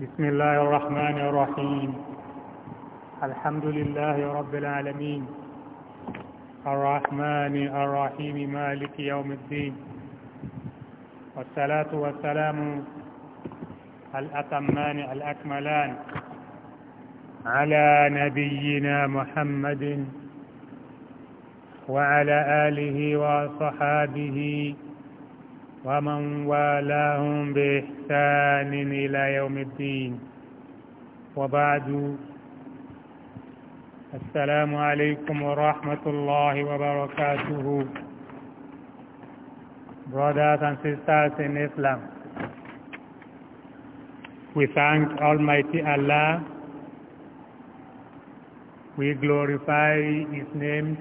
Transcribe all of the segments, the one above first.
بسم الله الرحمن الرحيم الحمد لله رب العالمين الرحمن الرحيم مالك يوم الدين والصلاة والسلام الأتمان الأكملان على نبينا محمد وعلى آله وصحابه ومن والاهم بإحسان إلى يوم الدين وبعد السلام عليكم ورحمة الله وبركاته Brothers and sisters in Islam We thank Almighty Allah We glorify His name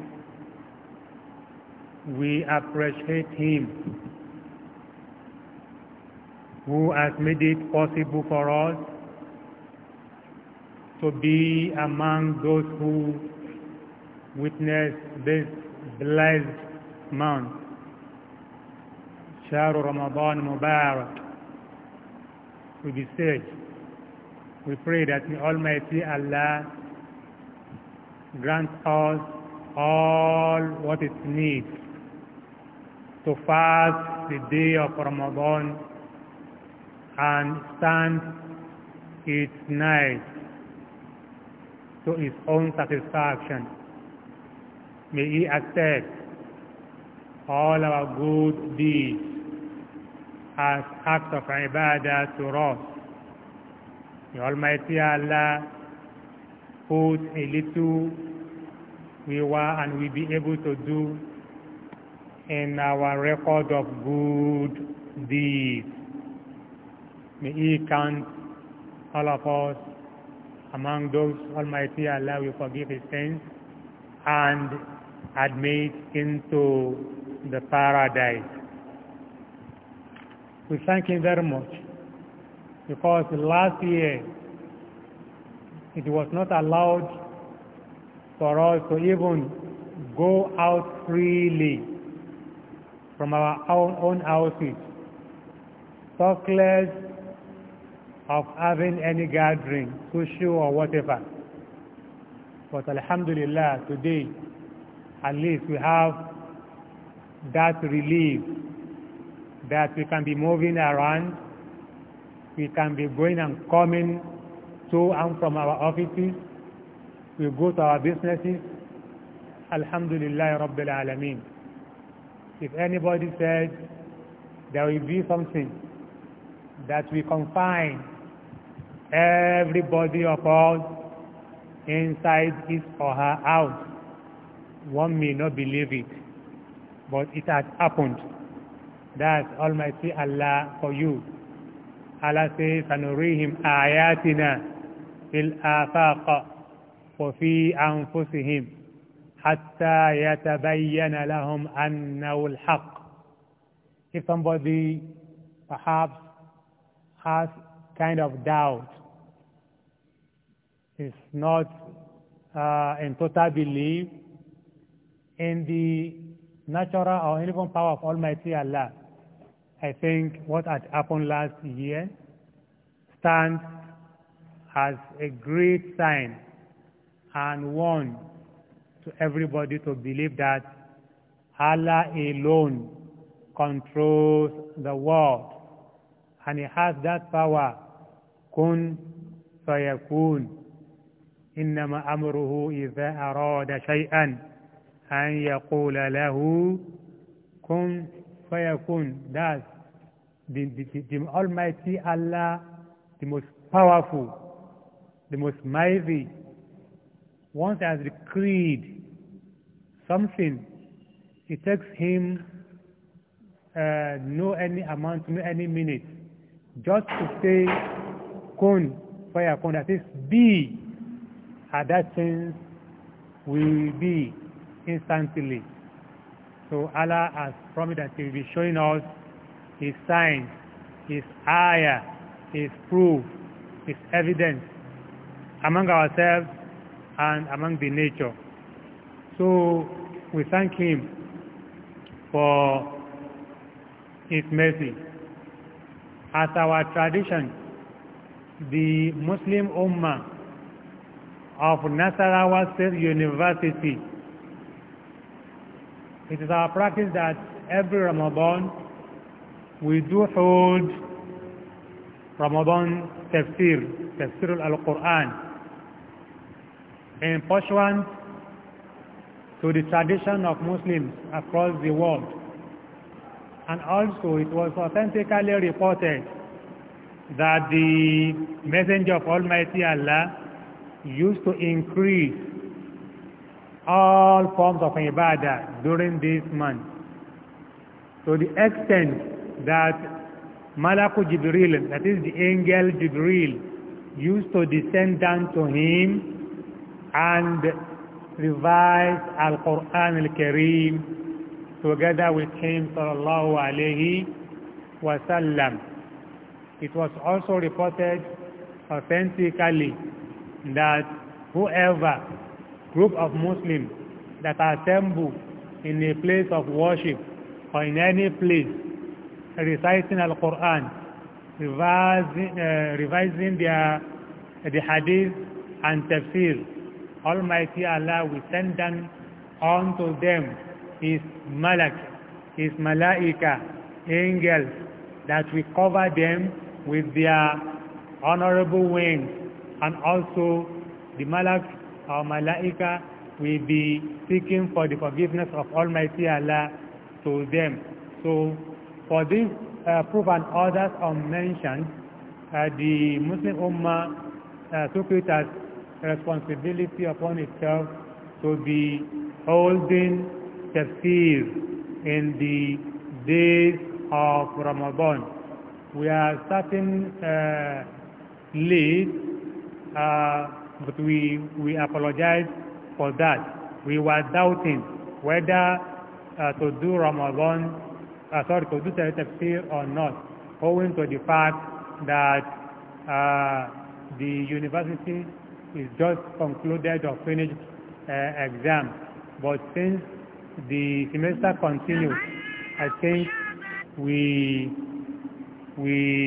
We appreciate Him who has made it possible for us to be among those who witness this blessed month. Shahr Ramadan Mubarak. We beseech, we pray that the Almighty Allah grant us all what it needs to fast the day of Ramadan and stand its night to his own satisfaction. May he accept all our good deeds as acts of ibadah to us. May Almighty Allah put a little we were and we be able to do in our record of good deeds. May He count all of us among those Almighty Allah will forgive His sins and admit into the paradise. We thank Him very much because last year it was not allowed for us to even go out freely from our own, houses, talk of having any gathering, social or whatever. But Alhamdulillah, today, at least we have that relief that we can be moving around, we can be going and coming to and from our offices, we go to our businesses. Alhamdulillah Rabbil Alameen. If anybody said there will be something that we confine everybody of us inside his or her house. One may not believe it, but it has happened. That's Almighty Allah for you. Allah says, سَنُرِيهِمْ آيَاتِنَا فِي الْآفَاقَ وَفِي أَنفُسِهِمْ حَتَّى يَتَبَيَّنَ لَهُمْ أَنَّهُ الْحَقِّ If somebody perhaps has kind of doubt is not uh, in total belief in the natural or even power of Almighty Allah. I think what had happened last year stands as a great sign and warn to everybody to believe that Allah alone controls the world and he has that power kun fayakun إنما أمره إذا أراد شيئا أن يقول له كن فيكون. that's the, the, the, the almighty allah the most powerful the most mighty once has decreed something it takes him uh, no any amount no any minute just to say kun fayakun that is be at that change will be instantly. So Allah has promised that He will be showing us His signs, His ayah, His proof, His evidence among ourselves and among the nature. So we thank Him for His mercy. As our tradition, the Muslim Ummah of Nasarawa State University. It is our practice that every Ramadan we do hold Ramadan tafsir, tafsir al-Quran in pursuant to the tradition of Muslims across the world. And also it was authentically reported that the Messenger of Almighty Allah used to increase all forms of ibadah during this month to the extent that Malaku Jibril, that is the angel Jibril, used to descend down to him and revise Al-Quran Al-Kareem together with him sallallahu alayhi wasallam. It was also reported authentically that whoever group of Muslims that assemble in a place of worship or in any place reciting Al-Quran, revising, uh, revising their, uh, the Hadith and Tafsir, Almighty Allah will send down unto them His Malak, His Malaika, angels that will cover them with their honorable wings and also the malak or malaika will be seeking for the forgiveness of Almighty Allah to them. So for this uh, proof and others are mentioned, uh, the Muslim Ummah uh, took it as responsibility upon itself to be holding tafsir in the days of Ramadan. We are starting uh, late Uh, but we, we apologize for that. We were doubting whether uh, to do Ramadan, uh, sorry, to do tafsir or not, owing to the fact that the university is just concluded or finished uh, exam. But since the semester continues, I think we we